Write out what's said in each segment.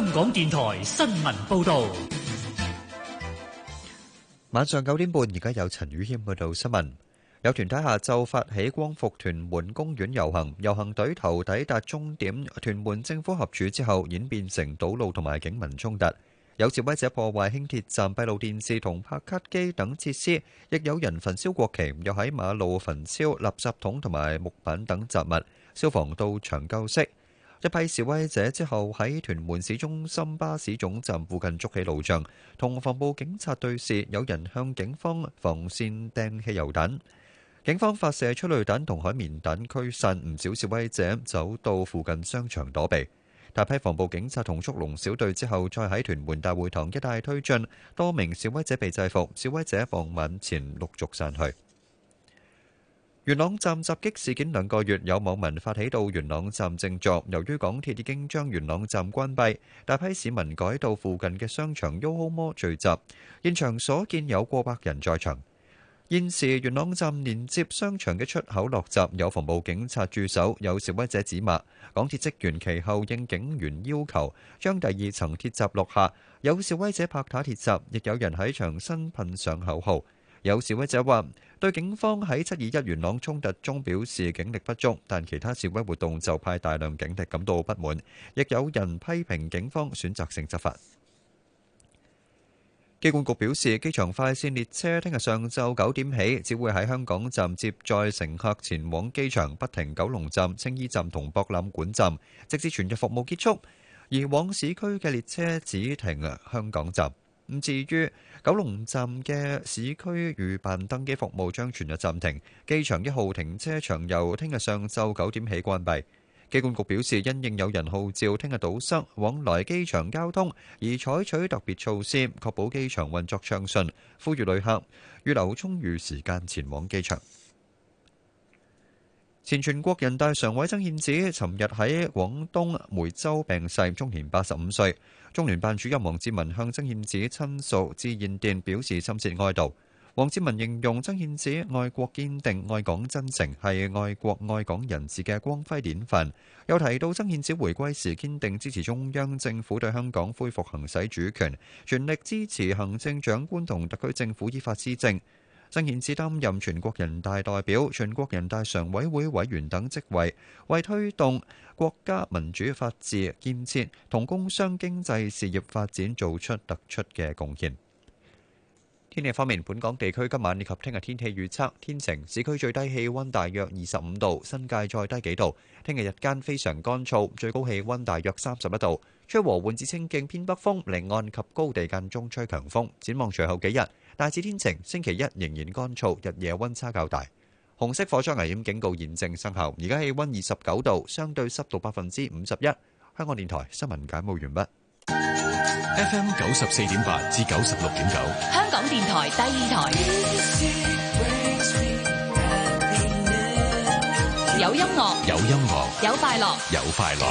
香港電台新聞報道，晚上九點半，而家有陳宇謙報道新聞。有團體下晝發起光復屯門公園遊行，遊行隊頭抵達終點屯門政府合署之後，演變成堵路同埋警民衝突。有示威者破壞輕鐵站閉路電視同拍卡機等設施，亦有人焚燒國旗，又喺馬路焚燒垃圾桶同埋木板等雜物，消防到場救熄。一批示威者之後喺屯門市中心巴士總站附近築起路障，同防暴警察對峙，有人向警方防線掟汽油彈。警方發射催淚彈同海綿彈驅散。唔少示威者走到附近商場躲避。大批防暴警察同速龍小隊之後再喺屯門大會堂一帶推進，多名示威者被制服，示威者傍晚前陸續散去。元朗站襲擊事件兩個月，有網民發起到元朗站靜坐。由於港鐵已經將元朗站關閉，大批市民改到附近嘅商場 YOHO MALL 聚集。現場所見有過百人在場。現時元朗站連接商場嘅出口落閘，有防暴警察駐守，有示威者指罵。港鐵職員其後應警員要求，將第二層鐵閘落下。有示威者拍打鐵閘，亦有人喺牆身噴上口號。有示威者話，對警方喺七二一元朗衝突中表示警力不足，但其他示威活動就派大量警力感到不滿，亦有人批評警方選擇性執法。機管局表示，機場快線列車聽日上晝九點起，只會喺香港站接載乘客前往機場，不停九龍站、青衣站同博覽館站，直至全日服務結束；而往市區嘅列車只停香港站。唔至於，九龍站嘅市區預辦登機服務將全日暫停。機場一號停車場由聽日上晝九點起關閉。機管局表示，因應有人號召聽日堵塞往來機場交通，而採取特別措施，確保機場運作暢順，呼籲旅客預留充裕時間前往機場。前全國人大常委曾憲梓尋日喺廣東梅州病逝，終年八十五歲。中聯辦主任王志民向曾憲梓親屬致唁電，表示深切哀悼。王志民形容曾憲梓愛國堅定、愛港真誠，係愛國愛港人士嘅光輝典範。又提到曾憲梓回歸時堅定支持中央政府對香港恢復行使主權，全力支持行政長官同特區政府依法施政。曾憲志擔任全國人大代表、全國人大常委會委員等職位，為推動國家民主法治建設同工商經濟事業發展做出突出嘅貢獻。天氣方面，本港地區今晚以及聽日天氣預測天晴，市區最低氣溫大約二十五度，新界再低幾度。聽日日間非常乾燥，最高氣溫大約三十一度，吹和緩至清勁偏北風，離岸及高地間中吹強風。展望隨後幾日，大致天晴，星期一仍然乾燥，日夜温差較大。紅色火災危險警告現正生效，而家氣溫二十九度，相對濕度百分之五十一。香港電台新聞簡報完畢。FM 九十四點八至九十六點九，香港電台第二台。有音樂，有音樂，有快樂，有快樂。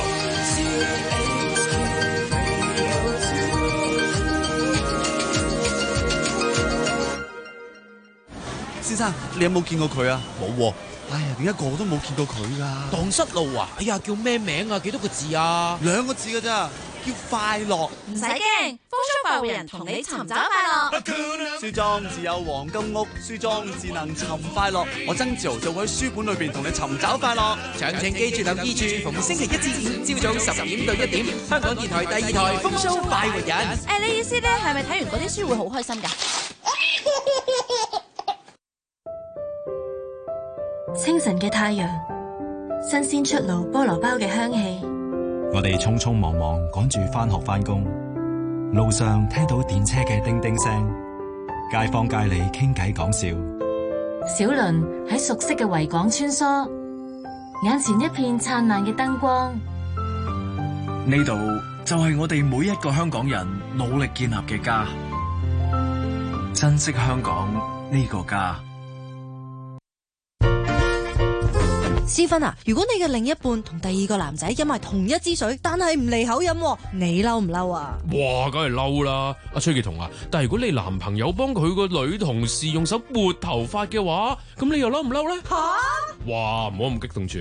先生，你有冇見過佢啊？冇。哎呀，點解個個都冇見過佢噶、啊。蕩失路啊？哎呀，叫咩名啊？幾多個字啊？兩個字噶咋？要快樂，唔使驚，風騷快活人同你尋找快樂。書中自有黃金屋，書中自能尋快樂。我曾志豪就會喺書本裏邊同你尋找快樂。詳情記住留意住，逢星期一至五，朝早十點到一點，香港電台第二台風騷快活人。誒，你意思咧，係咪睇完嗰啲書會好開心㗎？清晨嘅太陽，新鮮出爐菠蘿包嘅香氣。我哋匆匆忙忙趕住返學、返工，路上聽到電車嘅叮叮聲，街坊街里傾偈講笑，小輪喺熟悉嘅維港穿梭，眼前一片燦爛嘅燈光，呢度就係我哋每一個香港人努力建立嘅家，珍惜香港呢個家。私芬啊！如果你嘅另一半同第二個男仔飲埋同一支水，但係唔離口飲，你嬲唔嬲啊？哇，梗係嬲啦！阿崔潔彤啊，但係如果你男朋友幫佢個女同事用手撥頭髮嘅話，咁你又嬲唔嬲呢？蛤」吓！哇，唔好咁激動住。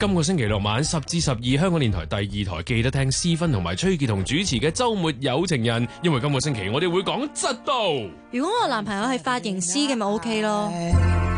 今個星期六晚十至十二，香港電台第二台記得聽私芬同埋崔潔彤主持嘅週末有情人。因為今個星期我哋會講制度。如果我男朋友係髮型師嘅，咪 OK 咯。嗯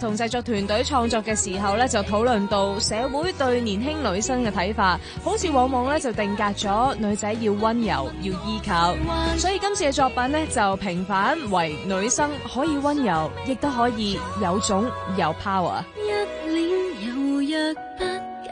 同製作團隊創作嘅時候咧，就討論到社會對年輕女生嘅睇法，好似往往咧就定格咗女仔要溫柔，要依靠，所以今次嘅作品呢，就平反為女生可以溫柔，亦都可以有種有 power。一年有約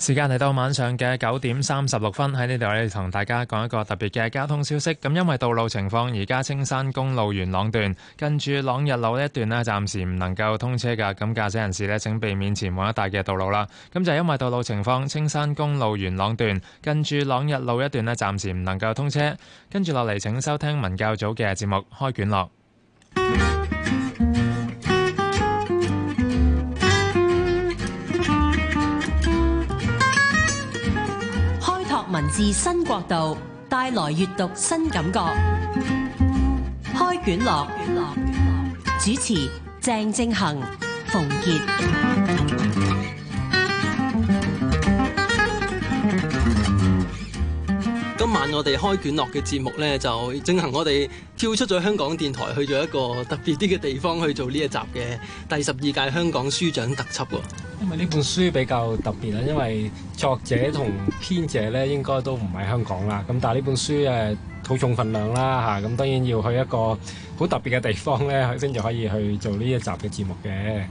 時間嚟到晚上嘅九點三十六分，喺呢度我哋同大家講一個特別嘅交通消息。咁因為道路情況，而家青山公路元朗段近住朗日路呢一段呢，暫時唔能夠通車噶。咁駕駛人士呢，請避免前往一帶嘅道路啦。咁就因為道路情況，青山公路元朗段近住朗日路一段呢，暫時唔能夠通車。跟住落嚟，請收聽文教組嘅節目，開卷樂。嗯自新角度帶來閱讀新感覺，開卷樂主持鄭正恆、馮傑。今晚我哋開卷樂嘅節目呢，就正恆我哋跳出咗香港電台，去咗一個特別啲嘅地方去做呢一集嘅第十二屆香港書獎特輯喎。因為呢本書比較特別啦，因為作者同編者咧應該都唔喺香港啦，咁但係呢本書誒好重份量啦嚇，咁當然要去一個好特別嘅地方咧，先至可以去做呢一集嘅節目嘅。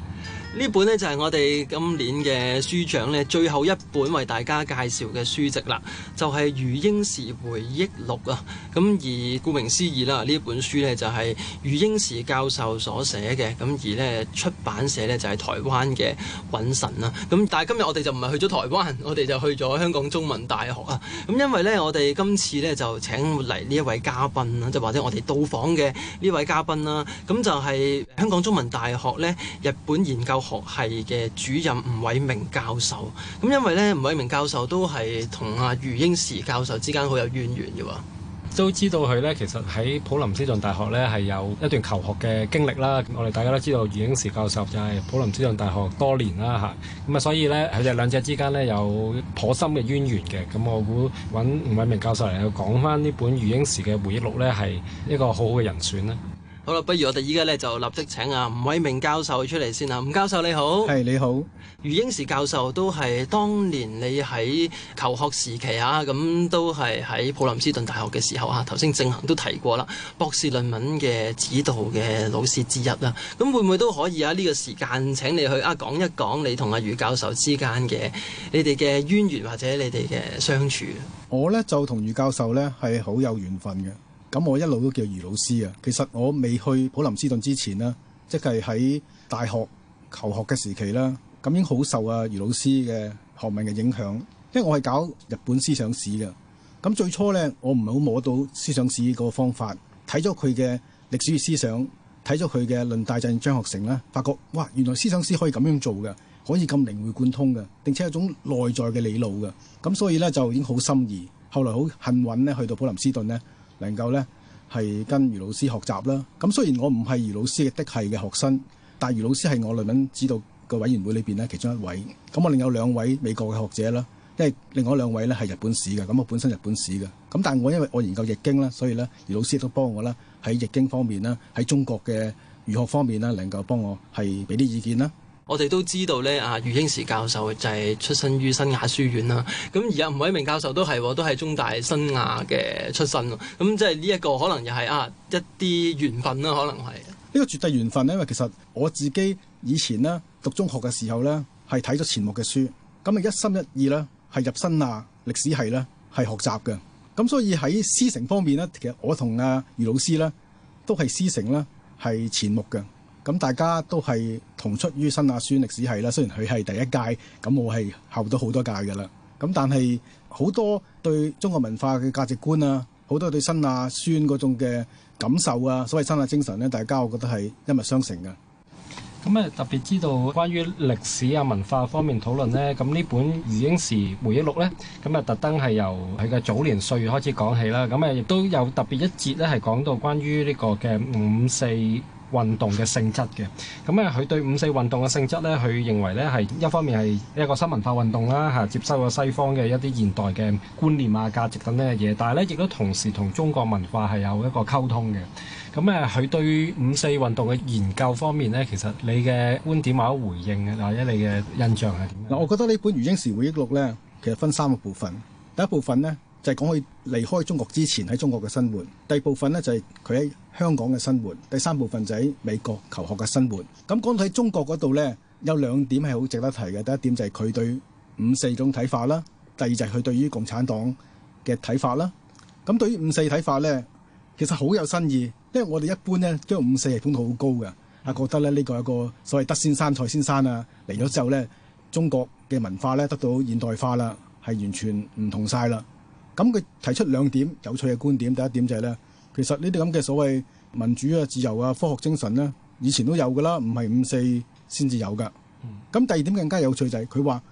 呢本呢就係、是、我哋今年嘅書獎咧最後一本為大家介紹嘅書籍啦，就係、是《余英時回憶錄啊。咁而顧名思義啦，呢本書咧就係、是、余英時教授所寫嘅，咁而咧出版社咧就係、是、台灣嘅允晨啦。咁但係今日我哋就唔係去咗台灣，我哋就去咗香港中文大學啊。咁因為咧我哋今次咧就請嚟呢一位嘉賓啦，即係或者我哋到訪嘅呢位嘉賓啦。咁就係香港中文大學咧日本研究。學系嘅主任吳偉明教授，咁因為咧吳偉明教授都係同阿余英時教授之間好有淵源嘅，都知道佢咧其實喺普林斯頓大學咧係有一段求學嘅經歷啦。我哋大家都知道余英時教授就係普林斯頓大學多年啦吓，咁啊所以咧佢哋兩者之間咧有頗深嘅淵源嘅。咁我估揾吳偉明教授嚟講翻呢本余英時嘅回憶錄咧，係一個好好嘅人選啦。好啦，不如我哋依家咧就立即請阿吳偉明教授出嚟先啊。吳教授你好，係你好。余英時教授都係當年你喺求學時期啊，咁都係喺普林斯頓大學嘅時候啊。頭先正恒都提過啦，博士論文嘅指導嘅老師之一啦。咁會唔會都可以啊？呢個時間請你去啊，講一講你同阿余教授之間嘅你哋嘅淵源或者你哋嘅相處。我呢，就同余教授呢，係好有緣分嘅。咁我一路都叫余老師啊。其實我未去普林斯頓之前呢，即係喺大學求學嘅時期啦，咁已經好受啊。余老師嘅學問嘅影響，因為我係搞日本思想史嘅。咁最初呢，我唔係好摸到思想史個方法，睇咗佢嘅歷史與思想，睇咗佢嘅《論戴震與章學誠》啦，發覺哇，原來思想史可以咁樣做嘅，可以咁靈活貫通嘅，並且有種內在嘅理路嘅。咁所以呢，就已經好心儀，後來好幸運呢，去到普林斯頓呢。能夠呢係跟余老師學習啦，咁雖然我唔係余老師的係嘅學生，但係余老師係我論文指導嘅委員會裏邊呢，其中一位，咁我另有兩位美國嘅學者啦，因為另外兩位呢係日本史嘅，咁我本身日本史嘅，咁但係我因為我研究易經啦，所以呢余老師都幫我啦，喺易經方面啦，喺中國嘅儒學方面啦，能夠幫我係俾啲意見啦。我哋都知道咧，啊余英時教授就係出身於新亞書院啦。咁而吳偉明教授都係，都係中大新亞嘅出身。咁即係呢一個可能又係啊一啲緣分啦，可能係呢個絕對緣分呢。因為其實我自己以前呢讀中學嘅時候呢，係睇咗錢穆嘅書，咁啊一心一意呢係入新亞歷史系呢係學習嘅。咁所以喺師承方面呢，其實我同啊余老師呢，都係師承呢係錢穆嘅。咁大家都係同出於新亞書院歷史系啦，雖然佢係第一屆，咁我係後咗好多屆噶啦。咁但係好多對中國文化嘅價值觀啊，好多對新亞書院嗰種嘅感受啊，所謂新亞精神咧，大家我覺得係一脈相承嘅。咁誒特別知道關於歷史啊、文化方面討論咧，咁呢本余英時回憶錄咧，咁誒特登係由佢嘅早年歲月開始講起啦。咁誒亦都有特別一節咧係講到關於呢個嘅五四運動嘅性質嘅，咁佢對五四運動嘅性質咧，佢認為咧係一方面係一個新文化運動啦、嚇、接收咗西方嘅一啲現代嘅觀念啊、價值等等嘅嘢，但係咧亦都同時同中國文化係有一個溝通嘅。咁佢對五四運動嘅研究方面咧，其實你嘅觀點或者回應或者、就是、你嘅印象係點？嗱，我覺得呢本《余英時回憶錄》咧，其實分三個部分，第一部分咧，就係講佢離開中國之前喺中國嘅生活，第二部分咧就係佢喺香港嘅生活，第三部分就喺美國求學嘅生活。咁講到喺中國嗰度咧，有兩點係好值得提嘅。第一點就係佢對五四種睇法啦，第二就係佢對於共產黨嘅睇法啦。咁對於五四睇法咧，其實好有新意，因為我哋一般咧將五四係捧得好高嘅，啊覺得咧呢個係個所謂德先生賽先生啊嚟咗之後咧，中國嘅文化咧得到現代化啦，係完全唔同曬啦。咁佢提出兩點有趣嘅觀點，第一點就係咧，其實呢啲咁嘅所謂民主啊、自由啊、科學精神咧，以前都有噶啦，唔係五四先至有噶。咁第二點更加有趣就係佢話，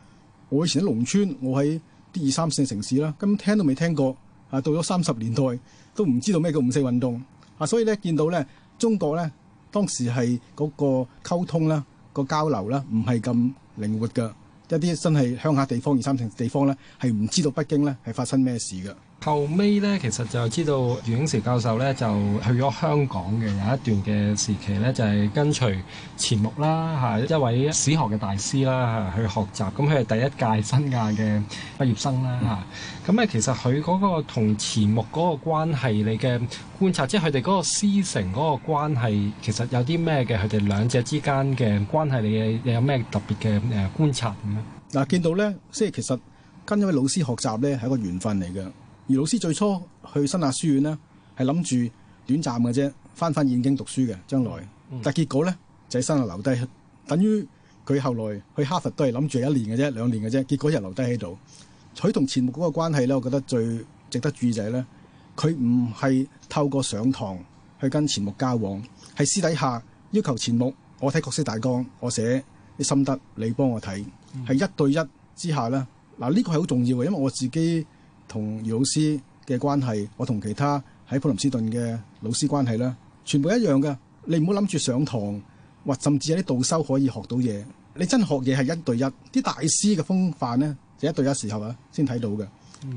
我以前喺農村，我喺啲二三線城市啦，咁聽都未聽過啊，到咗三十年代都唔知道咩叫五四運動啊，所以咧見到咧中國咧當時係嗰個溝通啦、個交流啦，唔係咁靈活㗎。一啲真係鄉下地方，二三線地方咧，係唔知道北京咧係發生咩事嘅。後尾咧，其實就知道余英時教授咧就去咗香港嘅有一段嘅時期咧，就係、是、跟隨錢穆啦，係一位史學嘅大師啦，去學習。咁佢係第一屆新亞嘅畢業生啦。嚇，咁啊，其實佢嗰個同錢穆嗰個關係，你嘅觀察，即係佢哋嗰個師承嗰個關係，其實有啲咩嘅？佢哋兩者之間嘅關係，你有咩特別嘅誒觀察咁咧？嗱，見到咧，即係其實跟一位老師學習咧，係一個緣分嚟嘅。而余老師最初去新亞書院呢，係諗住短暫嘅啫，翻翻燕京讀書嘅，將來。但結果呢，就喺新亞留低，等於佢後來去哈佛都係諗住一年嘅啫，兩年嘅啫。結果又留低喺度。佢同錢穆嗰個關係咧，我覺得最值得注意就係呢：佢唔係透過上堂去跟錢穆交往，係私底下要求錢穆，我睇國史大綱，我寫啲心得，你幫我睇，係、嗯、一對一之下呢，嗱、這、呢個係好重要嘅，因為我自己。同余老師嘅關係，我同其他喺普林斯頓嘅老師關係啦，全部一樣嘅。你唔好諗住上堂，或甚至有啲導修可以學到嘢。你真學嘢係一對一，啲大師嘅風範呢，就一對一時候啊，先睇到嘅。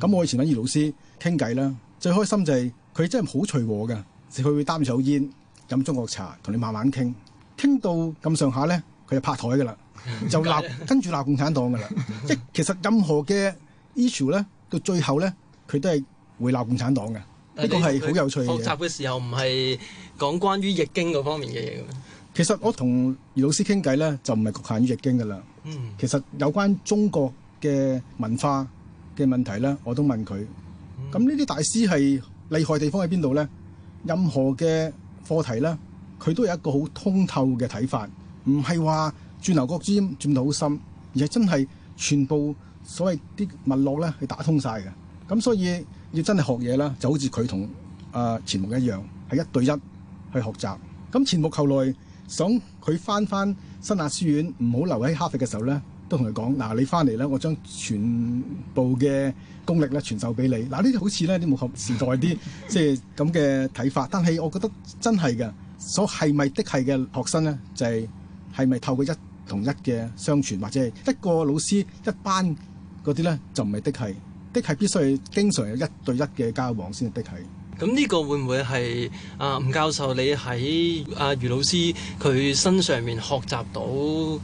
咁我以前揾余老師傾偈啦，最開心就係佢真係好隨和嘅，佢會擔手煙，飲中國茶，同你慢慢傾。傾到咁上下呢，佢就拍台噶啦，就鬧，跟住鬧共產黨噶啦。即 其實任何嘅 issue 呢。到最後咧，佢都係會鬧共產黨嘅，呢個係好有趣嘅。學習嘅時候唔係講關於易經嗰方面嘅嘢嘅咩？其實我同余老師傾偈咧，就唔係侷限於易經噶啦。嗯，其實有關中國嘅文化嘅問題咧，我都問佢。咁呢啲大師係厲害地方喺邊度咧？任何嘅課題咧，佢都有一個好通透嘅睇法，唔係話鑽牛角尖，鑽到好深，而係真係全部。所謂啲脈絡咧，係打通曬嘅。咁所以要真係學嘢咧，就好似佢同啊錢穆一樣係一對一去學習。咁錢穆後來想佢翻翻新亞書院，唔好留喺哈佛嘅時候咧，都同佢講：嗱，你翻嚟啦，我將全部嘅功力咧傳授俾你。嗱，呢啲好似咧啲武學時代啲即係咁嘅睇法，但係我覺得真係嘅，所係咪的確係嘅學生咧，就係係咪透過一同一嘅相傳，或者係一個老師一班。嗰啲咧就唔係的係的係必須係經常有一對一嘅交往先，的係咁呢個會唔會係啊？呃、吳教授，你喺啊余老師佢身上面學習到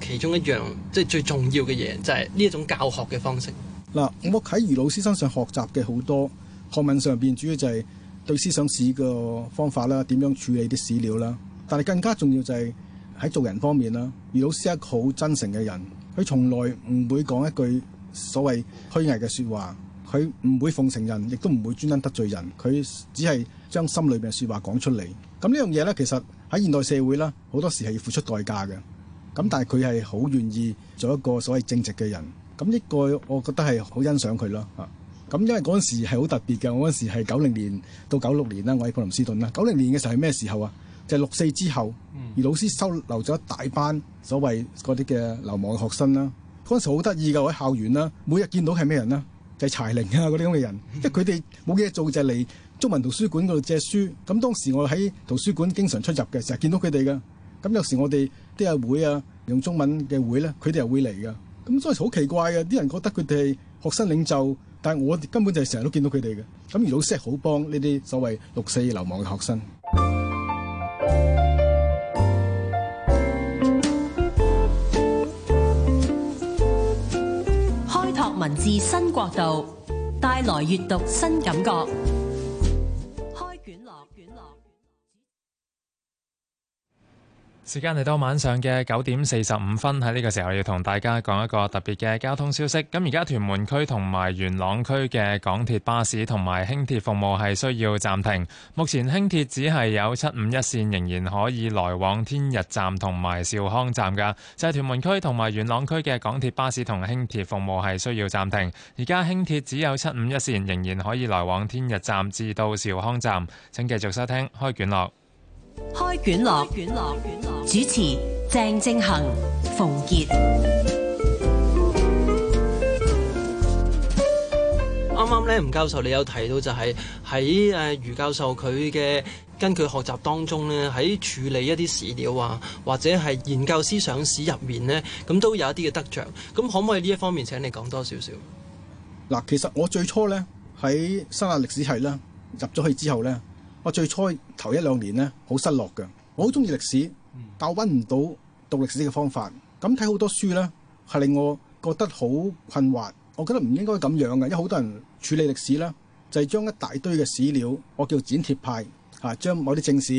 其中一樣即係最重要嘅嘢，就係呢一種教學嘅方式嗱。我喺余老師身上學習嘅好多學問上邊主要就係對思想史嘅方法啦，點樣處理啲史料啦。但係更加重要就係喺做人方面啦。余老師係一個好真誠嘅人，佢從來唔會講一句。所謂虛偽嘅説話，佢唔會奉承人，亦都唔會專登得罪人。佢只係將心裏邊嘅説話講出嚟。咁呢樣嘢呢，其實喺現代社會啦，好多時係要付出代價嘅。咁但係佢係好願意做一個所謂正直嘅人。咁呢個我覺得係好欣賞佢咯。嚇，咁因為嗰陣時係好特別嘅，我嗰陣時係九零年到九六年啦，我喺普林斯頓啦。九零年嘅時候係咩時候啊？就係六四之後，而老師收留咗一大班所謂嗰啲嘅流亡嘅學生啦。嗰陣時好得意噶，喺校園啦、啊，每日見到係咩人啦、啊，就係柴玲啊嗰啲咁嘅人，即係佢哋冇嘢做就嚟中文圖書館嗰度借書。咁當時我喺圖書館經常出入嘅，成日見到佢哋嘅。咁有時我哋啲啊會啊用中文嘅會咧，佢哋又會嚟嘅。咁所以好奇怪嘅，啲人覺得佢哋係學生領袖，但係我根本就係成日都見到佢哋嘅。咁而老師係好幫呢啲所謂六四流亡嘅學生。嗯文字新角度，帶來閱讀新感覺。時間嚟到晚上嘅九點四十五分，喺呢個時候要同大家講一個特別嘅交通消息。咁而家屯門區同埋元朗區嘅港鐵巴士同埋輕鐵服務係需要暫停。目前輕鐵只係有七五一綫仍然可以來往天逸站同埋兆康站噶。就係屯門區同埋元朗區嘅港鐵巴士同輕鐵服務係需要暫停。而家輕鐵只有七五一綫仍然可以來往天逸站至到兆康站，請繼續收聽開卷樂。開卷樂，卷樂主持鄭正，正恒、馮杰。啱啱咧，吳教授你有提到就係喺誒余教授佢嘅跟佢學習當中咧，喺處理一啲史料啊，或者係研究思想史入面咧，咁都有一啲嘅得着。咁可唔可以呢一方面，請你講多少少？嗱，其實我最初咧喺新加坡歷史系啦，入咗去之後咧。我最初頭一兩年咧，好失落嘅。我好中意歷史，但我揾唔到讀歷史嘅方法。咁睇好多書呢，係令我覺得好困惑。我覺得唔應該咁樣嘅，因為好多人處理歷史呢就係、是、將一大堆嘅史料，我叫剪貼派、啊、將某啲正史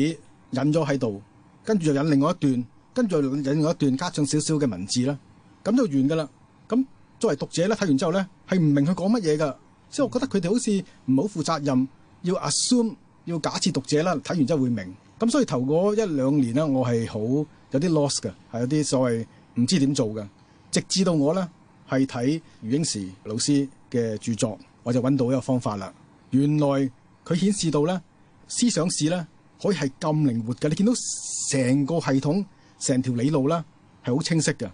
引咗喺度，跟住就引另外一段，跟住又引另外一段，加上少少嘅文字啦，咁就完㗎啦。咁作為讀者呢，睇完之後呢，係唔明佢講乜嘢㗎。即係我覺得佢哋好似唔好負責任，要 assume。要假設讀者啦，睇完之後會明咁，所以頭嗰一兩年咧，我係好有啲 lost 㗎，係有啲所謂唔知點做嘅。直至到我咧係睇余英時老師嘅著作，我就揾到一個方法啦。原來佢顯示到咧思想史咧可以係咁靈活嘅。你見到成個系統成條理路咧係好清晰嘅，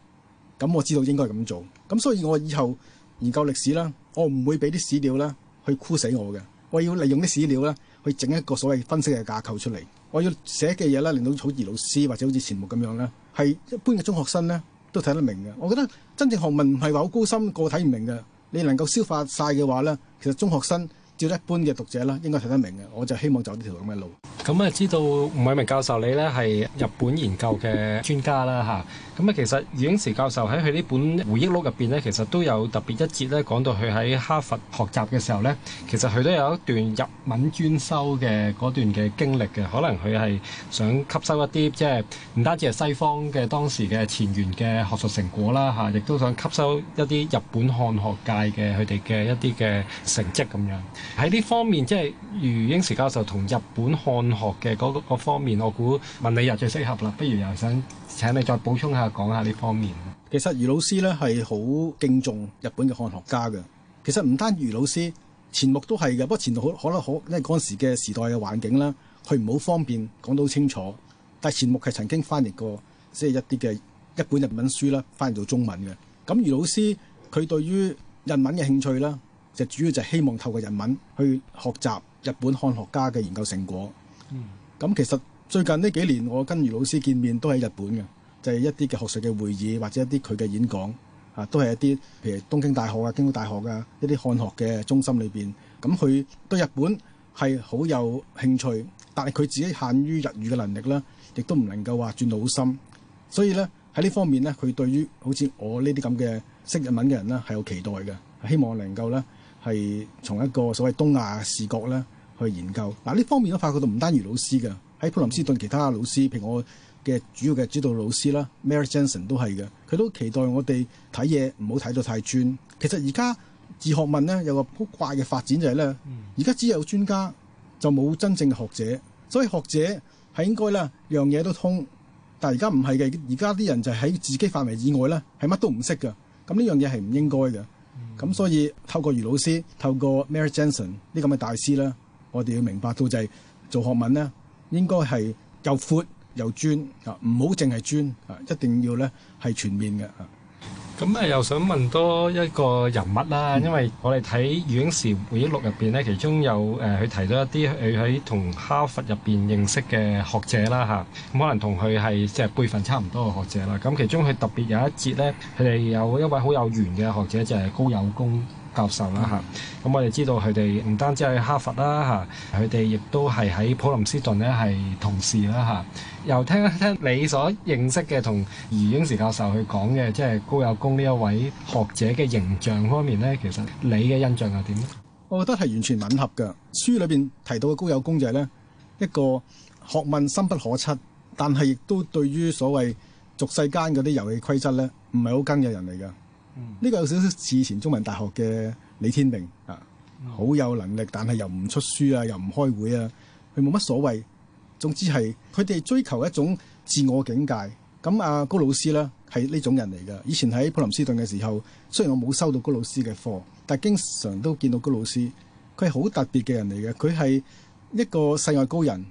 咁我知道應該咁做。咁所以我以後研究歷史啦，我唔會俾啲史料啦去箍死我嘅，我要利用啲史料啦。去整一個所謂分析嘅架構出嚟，我要寫嘅嘢啦，令到草兒老師或者好似前目咁樣咧，係一般嘅中學生咧都睇得明嘅。我覺得真正學問唔係話好高深，個睇唔明嘅，你能夠消化晒嘅話咧，其實中學生。照一般嘅讀者啦，應該睇得明嘅。我就希望走呢條咁嘅路。咁啊，知道吳偉明教授你咧係日本研究嘅專家啦吓，咁啊，其實余英時教授喺佢呢本回憶錄入面咧，其實都有特別一節咧講到佢喺哈佛學習嘅時候咧，其實佢都有一段日文專修嘅嗰段嘅經歷嘅。可能佢係想吸收一啲即係唔單止係西方嘅當時嘅前沿嘅學術成果啦吓，亦都想吸收一啲日本漢學界嘅佢哋嘅一啲嘅成績咁樣。喺呢方面，即係余英時教授同日本漢學嘅嗰個方面，我估問你又最適合啦。不如又想請你再補充下，講下呢方面。其實余老師咧係好敬重日本嘅漢學家嘅。其實唔單余老師，錢穆都係嘅。不過錢穆可能好，因為嗰陣時嘅時代嘅環境啦，佢唔好方便講到清楚。但係錢穆係曾經翻譯過即係、就是、一啲嘅一本日文書啦，翻譯做中文嘅。咁余老師佢對於日文嘅興趣啦，就主要就是希望透過日文去學習日本漢學家嘅研究成果。嗯。咁其實最近呢幾年，我跟余老師見面都喺日本嘅，就係一啲嘅學術嘅會議或者一啲佢嘅演講，啊，都係一啲譬如東京大學啊、京都大學啊一啲漢學嘅中心裏邊。咁佢對日本係好有興趣，但係佢自己限於日語嘅能力啦，亦都唔能夠話轉到好深。所以咧喺呢方面咧，佢對於好似我呢啲咁嘅識日文嘅人咧係有期待嘅，希望能夠咧。係從一個所謂東亞視角咧去研究，嗱呢方面都發覺到唔單止老師嘅，喺普林斯頓其他老師，譬如我嘅主要嘅指導老師啦、mm.，Mary Jensen 都係嘅，佢都期待我哋睇嘢唔好睇到太專。其實而家自學問咧有個好怪嘅發展就係咧，而家、mm. 只有專家就冇真正嘅學者，所以學者係應該咧樣嘢都通，但而家唔係嘅，而家啲人就係喺自己範圍以外咧係乜都唔識嘅，咁呢樣嘢係唔應該嘅。咁、嗯、所以透過余老師、透過 Mary Johnson 呢咁嘅大師啦，我哋要明白到就係、是、做學問咧，應該係又闊又專啊，唔好淨係專啊，一定要咧係全面嘅啊。咁啊，又想問多一個人物啦，因為我哋睇《余英時回憶錄》入面咧，其中有誒佢、呃、提到一啲佢喺同哈佛入面認識嘅學者啦嚇，咁可能同佢係即係輩份差唔多嘅學者啦。咁、啊就是、其中佢特別有一節咧，佢哋有一位好有緣嘅學者就係、是、高友工教授啦嚇，咁、嗯啊、我哋知道佢哋唔單止係哈佛啦、啊、嚇，佢哋亦都係喺普林斯頓，咧係同事啦、啊、嚇、啊。又聽一聽你所認識嘅同余英時教授去講嘅，即係高友工呢一位學者嘅形象方面呢，其實你嘅印象係點呢？我覺得係完全吻合嘅。書裏邊提到嘅高友工就係呢一個學問深不可測，但係亦都對於所謂俗世間嗰啲遊戲規則呢，唔係好跟嘅人嚟嘅。呢個有少少似前中文大學嘅李天命啊，好、嗯、有能力，但係又唔出書啊，又唔開會啊，佢冇乜所謂。總之係佢哋追求一種自我境界。咁阿高老師呢，係呢種人嚟嘅。以前喺普林斯頓嘅時候，雖然我冇收到高老師嘅課，但係經常都見到高老師。佢係好特別嘅人嚟嘅。佢係一個世外高人，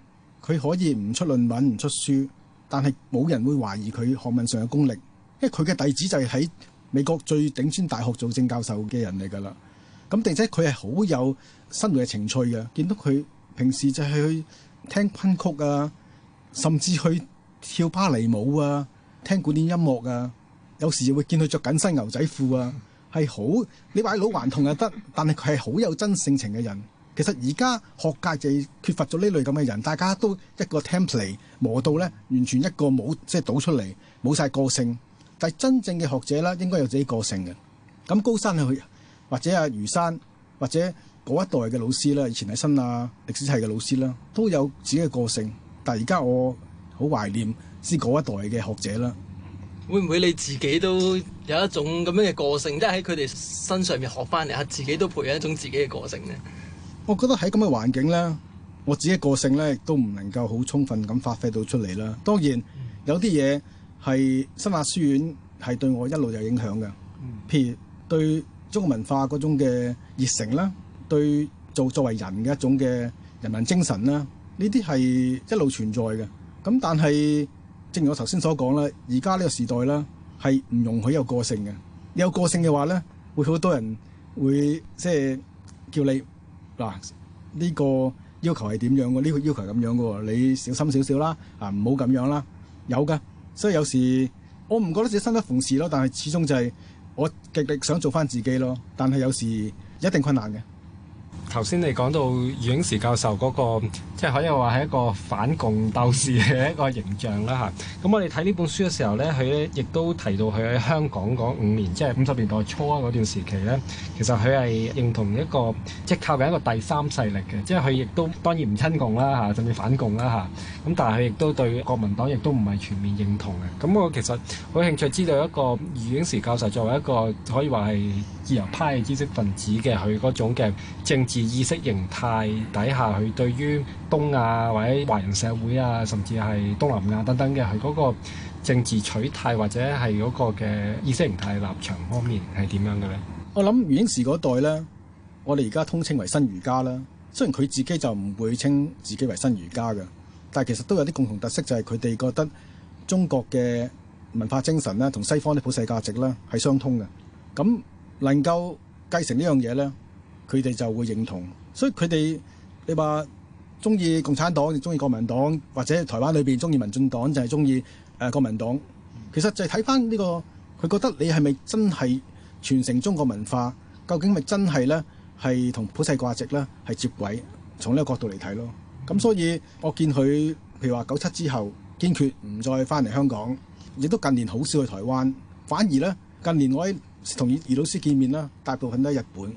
佢可以唔出論文、唔出書，但係冇人會懷疑佢學問上有功力，因為佢嘅弟子就係喺美國最頂尖大學做正教授嘅人嚟㗎啦，咁並且佢係好有生活嘅情趣嘅。見到佢平時就係去聽昆曲啊，甚至去跳芭蕾舞啊，聽古典音樂啊，有時又會見佢著緊身牛仔褲啊，係好，你話老頑童又得，但係佢係好有真性情嘅人。其實而家學界就缺乏咗呢類咁嘅人，大家都一個 template 磨到呢，完全一個冇，即係倒出嚟，冇晒個性。但係真正嘅學者啦，應該有自己個性嘅。咁高山去，或者阿余山，或者嗰一代嘅老師啦，以前喺新亞歷史系嘅老師啦，都有自己嘅個性。但係而家我好懷念先嗰一代嘅學者啦。會唔會你自己都有一種咁樣嘅個性，即係喺佢哋身上面學翻嚟，嚇自己都培養一種自己嘅個性咧？我覺得喺咁嘅環境咧，我自己嘅個性咧，都唔能夠好充分咁發揮到出嚟啦。當然有啲嘢。係新亞書院係對我一路有影響嘅，譬如對中國文化嗰種嘅熱誠啦，對做作為人嘅一種嘅人民精神啦，呢啲係一路存在嘅。咁但係正如我頭先所講啦，而家呢個時代啦係唔容許有個性嘅。有個性嘅話咧，會好多人會即係叫你嗱呢個要求係點樣嘅？呢個要求係咁樣嘅，你小心少少啦，啊唔好咁樣啦，有嘅。所以有時我唔覺得自己生不逢時咯，但係始終就係我極力想做翻自己咯。但係有時一定困難嘅。頭先你講到余英時教授嗰個，即係可以話係一個反共鬥士嘅一個形象啦嚇。咁 我哋睇呢本書嘅時候咧，佢亦都提到佢喺香港嗰五年，即係五十年代初嗰段時期咧，其實佢係認同一個即係靠近一個第三勢力嘅，即係佢亦都當然唔親共啦嚇，甚至反共啦嚇。咁但係佢亦都對國民黨亦都唔係全面認同嘅。咁我其實好興趣知道一個余英時教授作為一個可以話係自由派嘅知識分子嘅，佢嗰種嘅政治意識形態底下佢對於東亞或者華人社會啊，甚至係東南亞等等嘅，佢、那、嗰個政治取態或者係嗰個嘅意識形態立場方面係點樣嘅咧？我諗余英時嗰代咧，我哋而家通稱為新儒家啦。雖然佢自己就唔會稱自己為新儒家嘅，但其實都有啲共同特色，就係佢哋覺得中國嘅文化精神啦，同西方啲普世價值啦，係相通嘅。咁能夠繼承呢樣嘢咧？佢哋就會認同，所以佢哋你話中意共產黨，中意國民黨，或者台灣裏邊中意民進黨，就係中意誒國民黨。其實就係睇翻呢個，佢覺得你係咪真係傳承中國文化，究竟咪真係呢，係同普世價值呢係接軌？從呢個角度嚟睇咯。咁所以我見佢譬如話九七之後堅決唔再翻嚟香港，亦都近年好少去台灣，反而呢近年我喺同余老師見面啦，大部分都喺日本。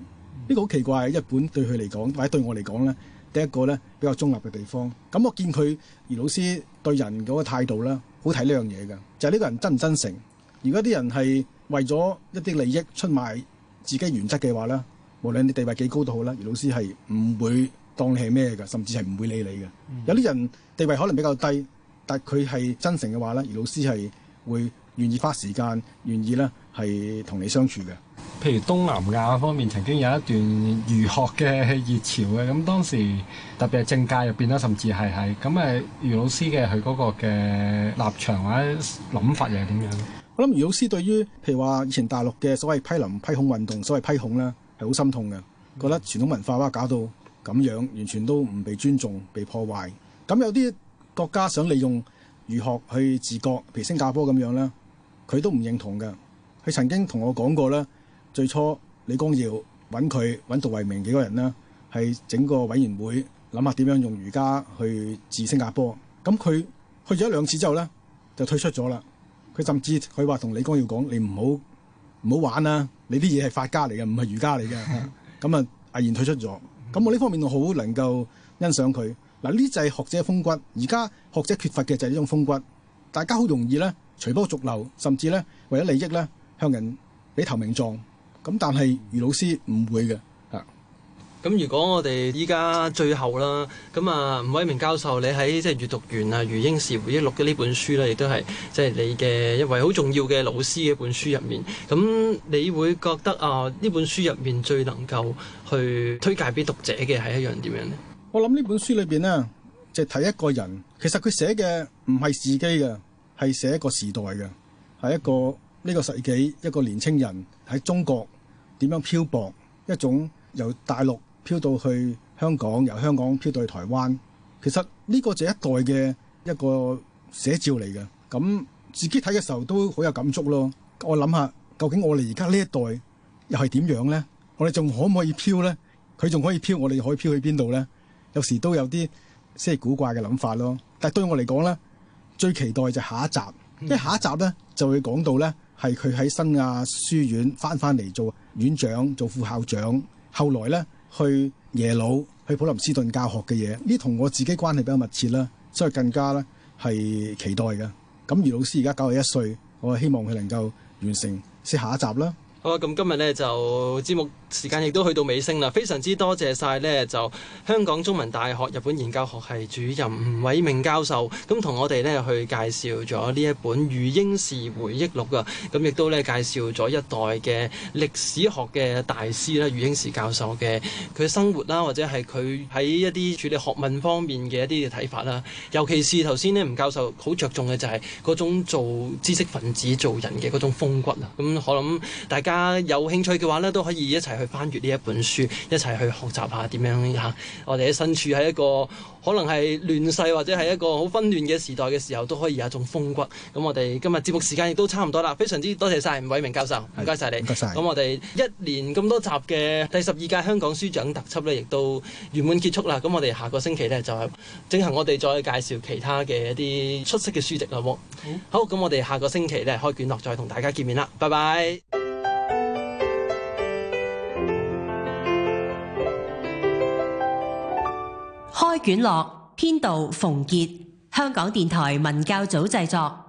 呢個好奇怪，日本對佢嚟講，或者對我嚟講呢，第一個呢，比較中立嘅地方。咁我見佢而老師對人嗰個態度咧，好睇呢樣嘢㗎。就係、是、呢個人真唔真誠。如果啲人係為咗一啲利益出賣自己原則嘅話呢，無論你地位幾高都好啦，而老師係唔會當你係咩嘅，甚至係唔會理你嘅。嗯、有啲人地位可能比較低，但佢係真誠嘅話呢，而老師係會願意花時間，願意呢係同你相處嘅。譬如東南亞方面曾經有一段儒學嘅熱潮嘅，咁當時特別係政界入邊啦，甚至係係咁誒。余老師嘅佢嗰個嘅立場或者諗法又係點樣？我諗余老師對於譬如話以前大陸嘅所謂批林批孔運動，所謂批孔咧係好心痛嘅，覺得傳統文化哇搞到咁樣，完全都唔被尊重、被破壞。咁有啲國家想利用儒學去治國，譬如新加坡咁樣咧，佢都唔認同嘅。佢曾經同我講過咧。最初李光耀揾佢揾杜維明幾個人呢，係整個委員會，諗下點樣用儒家去治新加坡。咁佢去咗兩次之後呢，就退出咗啦。佢甚至佢話同李光耀講，你唔好唔好玩啦，啊，你啲嘢係法家嚟嘅，唔係儒家嚟嘅。咁啊， 毅然退出咗。咁我呢方面我好能夠欣賞佢嗱。呢就係學者嘅風骨。而家學者缺乏嘅就係呢種風骨，大家好容易呢，隨波逐流，甚至呢，為咗利益呢，向人俾投名狀。咁但係余老師唔會嘅，吓。咁如果我哋依家最後啦，咁啊吳偉明教授，你喺即係閱讀完啊《余英時回憶錄》嘅呢本書咧，亦都係即係你嘅一位好重要嘅老師嘅一本書入面。咁你會覺得啊呢本書入面最能夠去推介俾讀者嘅係一樣點樣呢？我諗呢本書裏邊咧，就係睇一個人，其實佢寫嘅唔係自己嘅，係寫一個時代嘅，係一個呢個世紀一個年青人喺中國。點樣漂泊？一種由大陸漂到去香港，由香港漂到去台灣。其實呢個就係一代嘅一個寫照嚟嘅。咁自己睇嘅時候都好有感觸咯。我諗下，究竟我哋而家呢一代又係點樣呢？我哋仲可唔可以漂呢？佢仲可以漂，我哋可以漂去邊度呢？有時都有啲即係古怪嘅諗法咯。但對我嚟講呢，最期待就下一集，因為下一集呢就會講到呢。係佢喺新亞書院翻翻嚟做院長、做副校長，後來呢去耶魯、去普林斯頓教學嘅嘢，呢同我自己關係比較密切啦，所以更加呢係期待嘅。咁余老師而家九十一歲，我希望佢能夠完成，先下一集啦。好啊，咁今日呢就節目。時間亦都去到尾聲啦，非常之多謝晒呢就香港中文大學日本研究學系主任吳偉明教授，咁同我哋呢去介紹咗呢一本《余英時回憶錄》啊，咁亦都呢介紹咗一代嘅歷史學嘅大師啦，余英時教授嘅佢生活啦，或者係佢喺一啲處理學問方面嘅一啲嘅睇法啦。尤其是頭先呢，吳教授好着重嘅就係嗰種做知識分子做人嘅嗰種風骨啊。咁我諗大家有興趣嘅話呢，都可以一齊，去翻閱呢一本書，一齊去學習下點樣吓、啊。我哋喺身處喺一個可能係亂世或者係一個好紛亂嘅時代嘅時候，都可以有一種風骨。咁我哋今日節目時間亦都差唔多啦，非常之多謝晒吳偉明教授，唔該晒你，唔該晒。咁我哋一年咁多集嘅第十二屆香港書展特輯呢，亦都圓滿結束啦。咁我哋下個星期呢，就係整行我哋再介紹其他嘅一啲出色嘅書籍啦。好， 好，咁我哋下個星期咧開卷樂再同大家見面啦，拜拜。開卷樂編導馮杰，香港電台文教組製作。